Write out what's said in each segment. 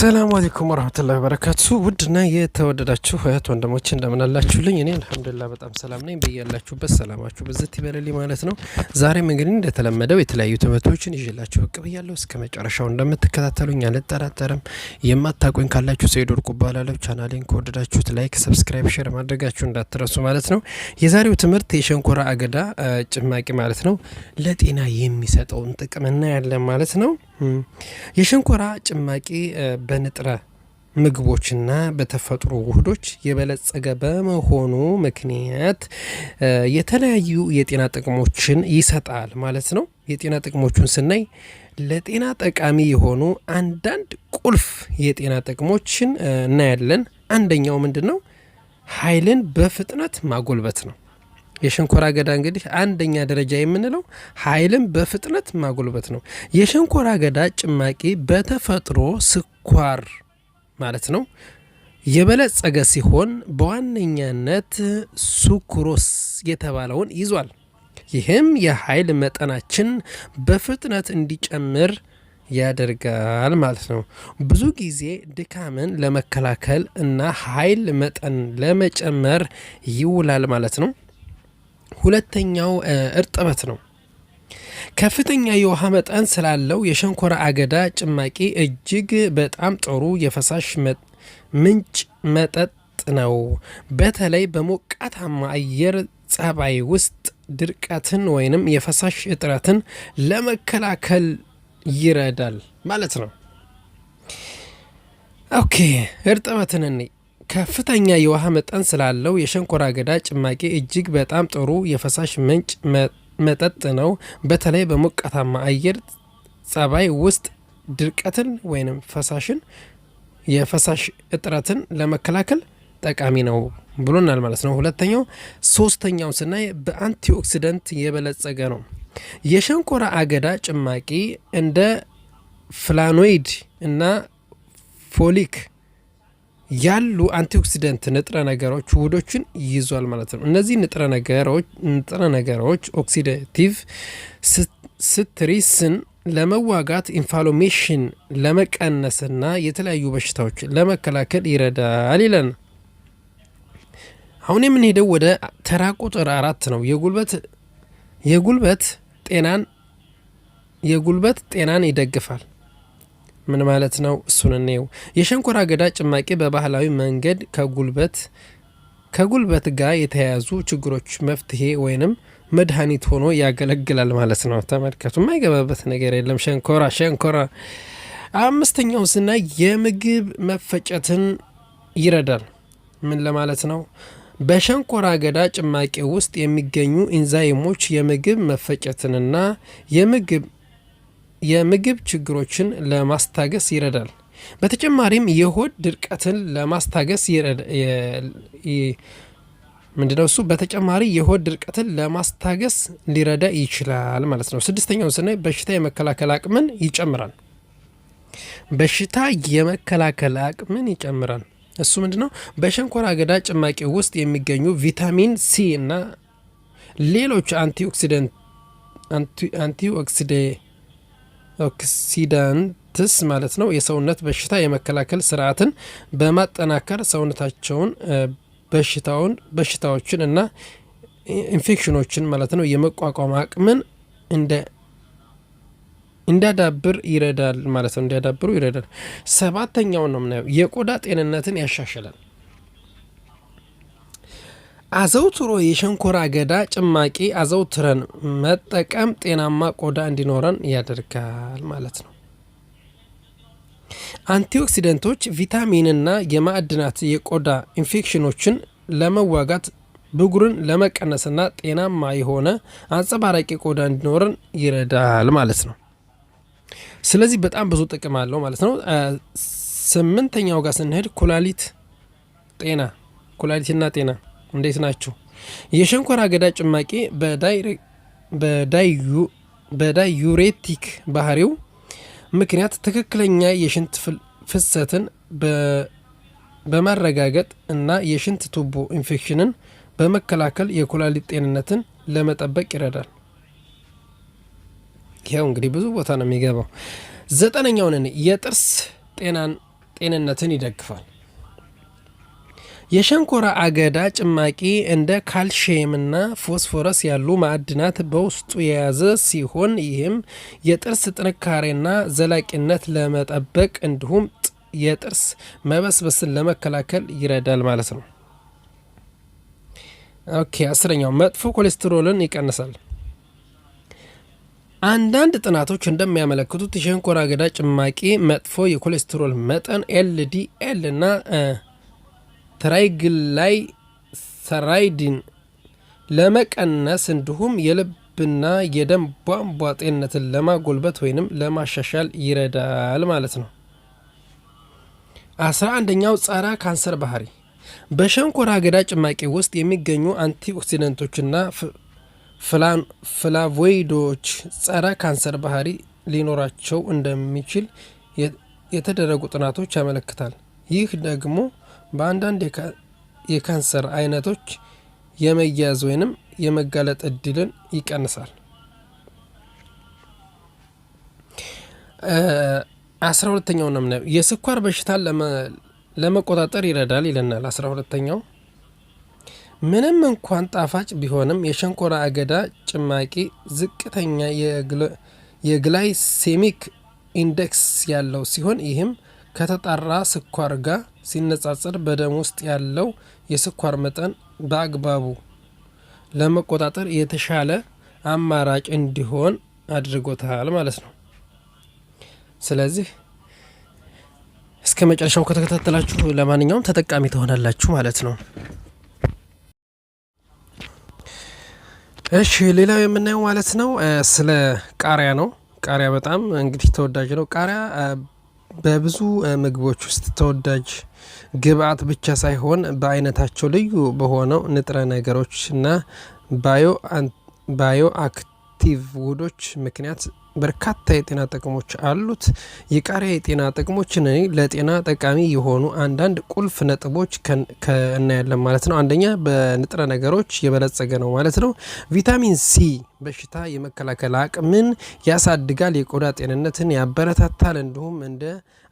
ሰላም አለይኩም ወራህመቱላሂ ወበረካቱ። ውድና የተወደዳችሁ እህት ወንድሞች እንደምን አላችሁልኝ? እኔ አልሐምዱሊላህ በጣም ሰላም ነኝ። በያላችሁበት ሰላማችሁ በዝት ይበልልኝ ማለት ነው። ዛሬም እንግዲህ እንደተለመደው የተለያዩ ትምህርቶችን ይዤላችሁ ብቅ ብያለሁ። እስከ መጨረሻው እንደምትከታተሉኝ አልጠራጠርም። የማታቆኝ ካላችሁ ሰይድ ወርቁ እባላለሁ። ቻናሌን ከወደዳችሁት ላይክ፣ ሰብስክራይብ፣ ሼር ማድረጋችሁ እንዳትረሱ ማለት ነው። የዛሬው ትምህርት የሸንኮራ አገዳ ጭማቂ ማለት ነው ለጤና የሚሰጠውን ጥቅም እናያለን ማለት ነው። የሸንኮራ ጭማቂ በንጥረ ምግቦችና በተፈጥሮ ውህዶች የበለጸገ በመሆኑ ምክንያት የተለያዩ የጤና ጥቅሞችን ይሰጣል ማለት ነው። የጤና ጥቅሞቹን ስናይ ለጤና ጠቃሚ የሆኑ አንዳንድ ቁልፍ የጤና ጥቅሞችን እናያለን። አንደኛው ምንድን ነው? ኃይልን በፍጥነት ማጎልበት ነው። የሸንኮራ አገዳ እንግዲህ አንደኛ ደረጃ የምንለው ኃይልን በፍጥነት ማጎልበት ነው። የሸንኮራ አገዳ ጭማቂ በተፈጥሮ ስኳር ማለት ነው የበለጸገ ሲሆን በዋነኛነት ሱክሮስ የተባለውን ይዟል። ይህም የኃይል መጠናችን በፍጥነት እንዲጨምር ያደርጋል ማለት ነው። ብዙ ጊዜ ድካምን ለመከላከል እና ኃይል መጠን ለመጨመር ይውላል ማለት ነው። ሁለተኛው እርጥበት ነው። ከፍተኛ የውሃ መጠን ስላለው የሸንኮራ አገዳ ጭማቂ እጅግ በጣም ጥሩ የፈሳሽ ምንጭ መጠጥ ነው። በተለይ በሞቃታማ አየር ጸባይ ውስጥ ድርቀትን ወይንም የፈሳሽ እጥረትን ለመከላከል ይረዳል ማለት ነው። ኦኬ እርጥበትን እኔ ከፍተኛ የውሃ መጠን ስላለው የሸንኮራ አገዳ ጭማቂ እጅግ በጣም ጥሩ የፈሳሽ ምንጭ መጠጥ ነው። በተለይ በሞቃታማ አየር ጸባይ ውስጥ ድርቀትን ወይም ፈሳሽን የፈሳሽ እጥረትን ለመከላከል ጠቃሚ ነው ብሎናል ማለት ነው። ሁለተኛው ሶስተኛውን ስናይ በአንቲኦክሲደንት የበለጸገ ነው። የሸንኮራ አገዳ ጭማቂ እንደ ፍላኖይድ እና ፎሊክ ያሉ አንቲኦክሲደንት ንጥረ ነገሮች ውህዶችን ይይዟል ማለት ነው። እነዚህ ንጥረ ነገሮች ኦክሲደቲቭ ስትሪስን ለመዋጋት ኢንፋሎሜሽን ለመቀነስና የተለያዩ በሽታዎች ለመከላከል ይረዳል ይለን። አሁን የምንሄደው ወደ ተራ ቁጥር አራት ነው። የጉልበት የጉልበት ጤናን የጉልበት ጤናን ይደግፋል። ምን ማለት ነው? እሱን እንየው። የሸንኮራ አገዳ ጭማቂ በባህላዊ መንገድ ከጉልበት ከጉልበት ጋር የተያያዙ ችግሮች መፍትሄ ወይንም መድኃኒት ሆኖ ያገለግላል ማለት ነው። ተመልከቱ፣ የማይገባበት ነገር የለም። ሸንኮራ ሸንኮራ። አምስተኛው ስናይ የምግብ መፈጨትን ይረዳል። ምን ለማለት ነው? በሸንኮራ አገዳ ጭማቂ ውስጥ የሚገኙ ኢንዛይሞች የምግብ መፈጨትንና የምግብ የምግብ ችግሮችን ለማስታገስ ይረዳል። በተጨማሪም የሆድ ድርቀትን ለማስታገስ ምንድነው እሱ በተጨማሪ የሆድ ድርቀትን ለማስታገስ ሊረዳ ይችላል ማለት ነው። ስድስተኛውን ስናይ በሽታ የመከላከል አቅምን ይጨምራል። በሽታ የመከላከል አቅምን ይጨምራል። እሱ ምንድነው በሸንኮራ አገዳ ጭማቂ ውስጥ የሚገኙ ቪታሚን ሲ እና ሌሎች አንቲኦክሲደንት አንቲኦክሲደ ኦክሲዳንትስ ማለት ነው የሰውነት በሽታ የመከላከል ስርዓትን በማጠናከር ሰውነታቸውን በሽታውን በሽታዎችን እና ኢንፌክሽኖችን ማለት ነው የመቋቋም አቅምን እንደ እንዲያዳብር ይረዳል ማለት ነው። እንዲያዳብሩ ይረዳል። ሰባተኛውን ነው የምናየው የቆዳ ጤንነትን ያሻሽላል። አዘውትሮ የሸንኮራ አገዳ ጭማቂ አዘውትረን መጠቀም ጤናማ ቆዳ እንዲኖረን ያደርጋል ማለት ነው። አንቲኦክሲደንቶች፣ ቪታሚንና የማዕድናት የቆዳ ኢንፌክሽኖችን ለመዋጋት ብጉርን ለመቀነስና ጤናማ የሆነ አንጸባራቂ ቆዳ እንዲኖረን ይረዳል ማለት ነው። ስለዚህ በጣም ብዙ ጥቅም አለው ማለት ነው። ስምንተኛው ጋር ስንሄድ ኩላሊት ጤና ኩላሊትና ጤና እንዴት ናችሁ? የሸንኮራ አገዳ ጭማቂ በዳዩሬቲክ ባህሪው ምክንያት ትክክለኛ የሽንት ፍሰትን በማረጋገጥ እና የሽንት ቱቦ ኢንፌክሽንን በመከላከል የኩላሊት ጤንነትን ለመጠበቅ ይረዳል። ይኸው እንግዲህ ብዙ ቦታ ነው የሚገባው። ዘጠነኛውንን የጥርስ ጤናን ጤንነትን ይደግፋል። የሸንኮራ አገዳ ጭማቂ እንደ ካልሽየምና ፎስፎረስ ያሉ ማዕድናት በውስጡ የያዘ ሲሆን ይህም የጥርስ ጥንካሬና ዘላቂነት ለመጠበቅ እንዲሁም የጥርስ መበስበስን ለመከላከል ይረዳል ማለት ነው። ኦኬ አስረኛው መጥፎ ኮሌስትሮልን ይቀንሳል። አንዳንድ ጥናቶች እንደሚያመለክቱት የሸንኮራ አገዳ ጭማቂ መጥፎ የኮሌስትሮል መጠን ኤልዲኤል እና ሰራይድን ለመቀነስ እንዲሁም የልብና የደም ቧንቧ ጤንነትን ለማጎልበት ወይንም ለማሻሻል ይረዳል ማለት ነው። አስራ አንደኛው ጸረ ካንሰር ባህሪ በሸንኮራ አገዳ ጭማቂ ውስጥ የሚገኙ አንቲኦክሲደንቶችና ፍላቮይዶች ጸረ ካንሰር ባህሪ ሊኖራቸው እንደሚችል የተደረጉ ጥናቶች ያመለክታል። ይህ ደግሞ በአንዳንድ የካንሰር አይነቶች የመያዝ ወይንም የመጋለጥ እድልን ይቀንሳል። አስራ ሁለተኛው ነው ምናየው የስኳር በሽታን ለመቆጣጠር ይረዳል ይለናል። አስራ ሁለተኛው ምንም እንኳን ጣፋጭ ቢሆንም የሸንኮራ አገዳ ጭማቂ ዝቅተኛ የግላይሴሚክ ኢንዴክስ ያለው ሲሆን ይህም ከተጣራ ስኳር ጋር ሲነጻጸር በደም ውስጥ ያለው የስኳር መጠን በአግባቡ ለመቆጣጠር የተሻለ አማራጭ እንዲሆን አድርጎታል ማለት ነው። ስለዚህ እስከ መጨረሻው ከተከታተላችሁ ለማንኛውም ተጠቃሚ ትሆናላችሁ ማለት ነው። እሺ ሌላው የምናየው ማለት ነው ስለ ቃሪያ ነው። ቃሪያ በጣም እንግዲህ ተወዳጅ ነው። ቃሪያ በብዙ ምግቦች ውስጥ ተወዳጅ ግብዓት ብቻ ሳይሆን በአይነታቸው ልዩ በሆነው ንጥረ ነገሮችና ባዮ አክቲቭ ውህዶች ምክንያት በርካታ የጤና ጥቅሞች አሉት። የቃሪያ የጤና ጥቅሞችን ለጤና ጠቃሚ የሆኑ አንዳንድ ቁልፍ ነጥቦች እናያለን ማለት ነው። አንደኛ በንጥረ ነገሮች የበለጸገ ነው ማለት ነው። ቪታሚን ሲ በሽታ የመከላከል አቅምን ያሳድጋል፣ የቆዳ ጤንነትን ያበረታታል፣ እንዲሁም እንደ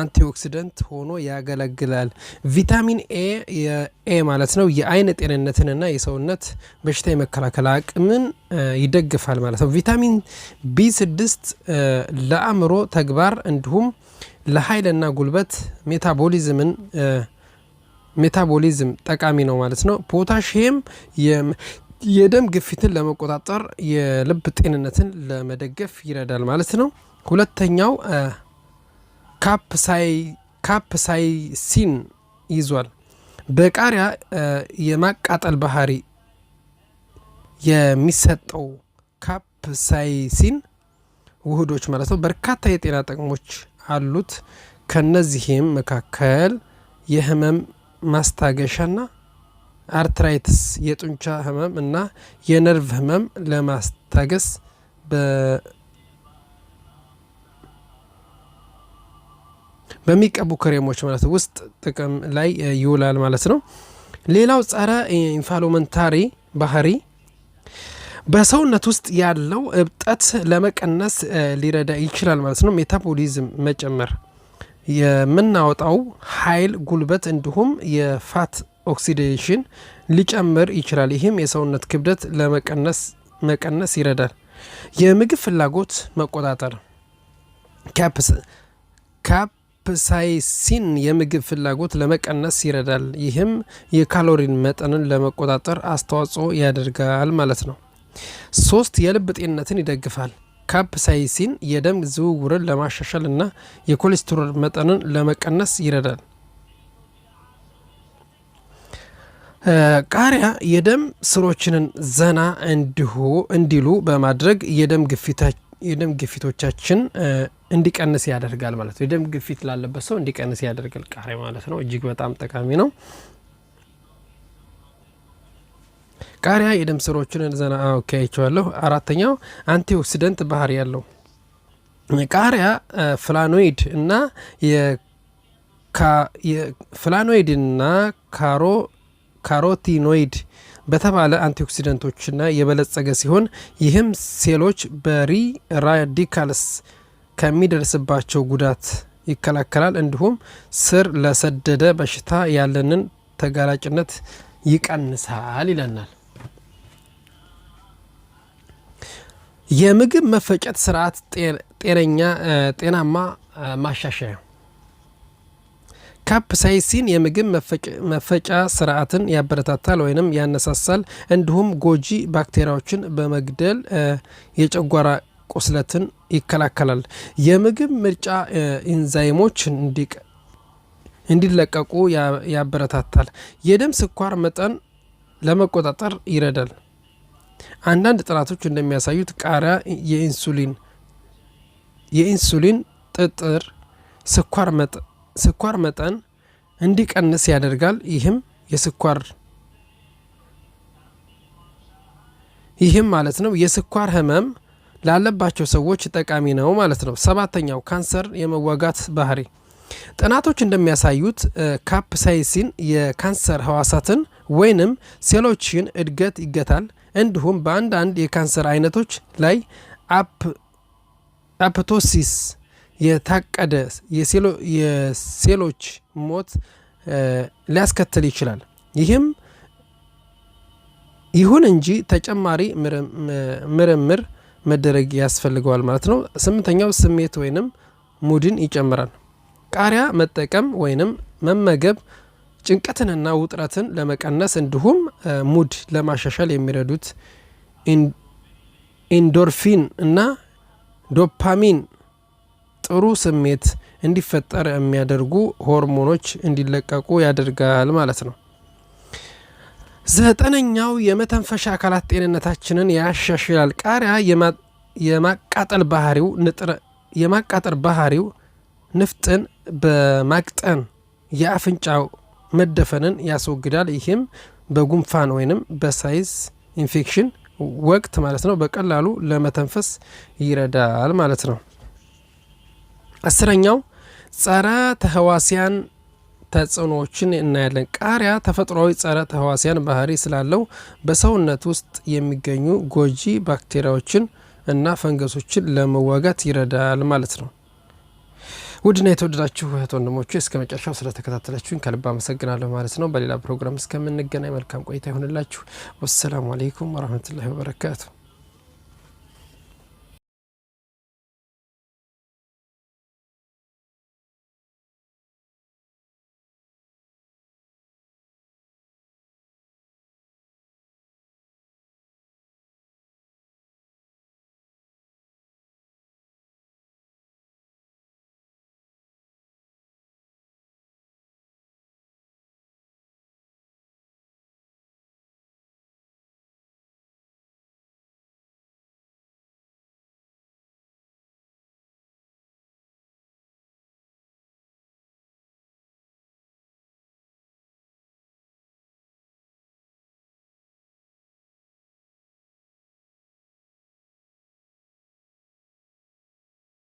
አንቲኦክሲደንት ሆኖ ያገለግላል። ቪታሚን ኤ የኤ ማለት ነው የአይን ጤንነትንና የሰውነት በሽታ የመከላከል አቅምን ይደግፋል ማለት ነው። ቪታሚን ቢ ስድስት ለአእምሮ ተግባር እንዲሁም ለኃይልና ጉልበት ሜታቦሊዝምን ሜታቦሊዝም ጠቃሚ ነው ማለት ነው። ፖታሽየም የደም ግፊትን ለመቆጣጠር የልብ ጤንነትን ለመደገፍ ይረዳል ማለት ነው። ሁለተኛው ካፕሳይሲን ይዟል። በቃሪያ የማቃጠል ባህሪ የሚሰጠው ካፕሳይሲን ውህዶች ማለት ነው በርካታ የጤና ጥቅሞች አሉት። ከነዚህም መካከል የህመም ማስታገሻና አርትራይትስ የጡንቻ ህመም እና የነርቭ ህመም ለማስታገስ በሚቀቡ ክሬሞች ማለት ውስጥ ጥቅም ላይ ይውላል ማለት ነው። ሌላው ጸረ ኢንፋሎመንታሪ ባህሪ በሰውነት ውስጥ ያለው እብጠት ለመቀነስ ሊረዳ ይችላል ማለት ነው። ሜታቦሊዝም መጨመር፣ የምናወጣው ኃይል ጉልበት፣ እንዲሁም የፋት ኦክሲዴሽን ሊጨምር ይችላል። ይህም የሰውነት ክብደት ለመቀነስ ይረዳል። የምግብ ፍላጎት መቆጣጠር ካፕሳይሲን የምግብ ፍላጎት ለመቀነስ ይረዳል። ይህም የካሎሪን መጠንን ለመቆጣጠር አስተዋጽኦ ያደርጋል ማለት ነው። ሶስት የልብ ጤንነትን ይደግፋል። ካፕሳይሲን የደም ዝውውርን ለማሻሻል እና የኮሌስትሮል መጠንን ለመቀነስ ይረዳል። ቃሪያ የደም ስሮችንን ዘና እንዲሁ እንዲሉ በማድረግ የደም ግፊቶቻችን እንዲቀንስ ያደርጋል ማለት ነው። የደም ግፊት ላለበት ሰው እንዲቀንስ ያደርጋል ቃሪያ ማለት ነው። እጅግ በጣም ጠቃሚ ነው። ቃሪያ የደም ስሮችን ዘና አካያቸዋለሁ። አራተኛው አንቲኦክሲደንት ባህሪ ያለው ቃሪያ ፍላኖይድ እና ፍላኖይድና ካሮ ካሮቲኖይድ በተባለ አንቲኦክሲደንቶችና የበለጸገ ሲሆን ይህም ሴሎች በሪ ራዲካልስ ከሚደርስባቸው ጉዳት ይከላከላል። እንዲሁም ስር ለሰደደ በሽታ ያለንን ተጋላጭነት ይቀንሳል ይለናል። የምግብ መፈጨት ስርዓት ጤናማ ማሻሻያ ካፕሳይሲን የምግብ መፈጫ ስርዓትን ያበረታታል ወይንም ያነሳሳል። እንዲሁም ጎጂ ባክቴሪያዎችን በመግደል የጨጓራ ቁስለትን ይከላከላል። የምግብ ምርጫ ኢንዛይሞች እንዲለቀቁ ያበረታታል። የደም ስኳር መጠን ለመቆጣጠር ይረዳል። አንዳንድ ጥናቶች እንደሚያሳዩት ቃሪያ የኢንሱሊን የኢንሱሊን ጥጥር ስኳር መጠን ስኳር መጠን እንዲቀንስ ያደርጋል። ይህም የስኳር ይህም ማለት ነው የስኳር ህመም ላለባቸው ሰዎች ጠቃሚ ነው ማለት ነው። ሰባተኛው ካንሰር የመዋጋት ባህሪ ጥናቶች እንደሚያሳዩት ካፕሳይሲን የካንሰር ህዋሳትን ወይንም ሴሎችን እድገት ይገታል። እንዲሁም በአንዳንድ የካንሰር አይነቶች ላይ አፕቶሲስ የታቀደ የሴሎች ሞት ሊያስከትል ይችላል። ይህም ይሁን እንጂ ተጨማሪ ምርምር መደረግ ያስፈልገዋል ማለት ነው። ስምንተኛው ስሜት ወይንም ሙድን ይጨምራል። ቃሪያ መጠቀም ወይንም መመገብ ጭንቀትንና ውጥረትን ለመቀነስ እንዲሁም ሙድ ለማሻሻል የሚረዱት ኢንዶርፊን እና ዶፓሚን ጥሩ ስሜት እንዲፈጠር የሚያደርጉ ሆርሞኖች እንዲለቀቁ ያደርጋል ማለት ነው። ዘጠነኛው የመተንፈሻ አካላት ጤንነታችንን ያሻሽላል። ቃሪያ የማቃጠል ባህሪው ንጥረ የማቃጠል ባህሪው ንፍጥን በማቅጠን የአፍንጫው መደፈንን ያስወግዳል። ይህም በጉንፋን ወይንም በሳይዝ ኢንፌክሽን ወቅት ማለት ነው በቀላሉ ለመተንፈስ ይረዳል ማለት ነው። አስረኛው ጸረ ተህዋሲያን ተጽዕኖዎችን እናያለን። ቃሪያ ተፈጥሯዊ ጸረ ተህዋሲያን ባህሪ ስላለው በሰውነት ውስጥ የሚገኙ ጎጂ ባክቴሪያዎችን እና ፈንገሶችን ለመዋጋት ይረዳል ማለት ነው። ውድና የተወደዳችሁ እህት ወንድሞቹ እስከ መጨረሻው ስለተከታተላችሁኝ ከልብ አመሰግናለሁ ማለት ነው። በሌላ ፕሮግራም እስከምንገናኝ መልካም ቆይታ ይሆንላችሁ። ወሰላሙ አሌይኩም ወረህመቱላሂ ወበረካቱ።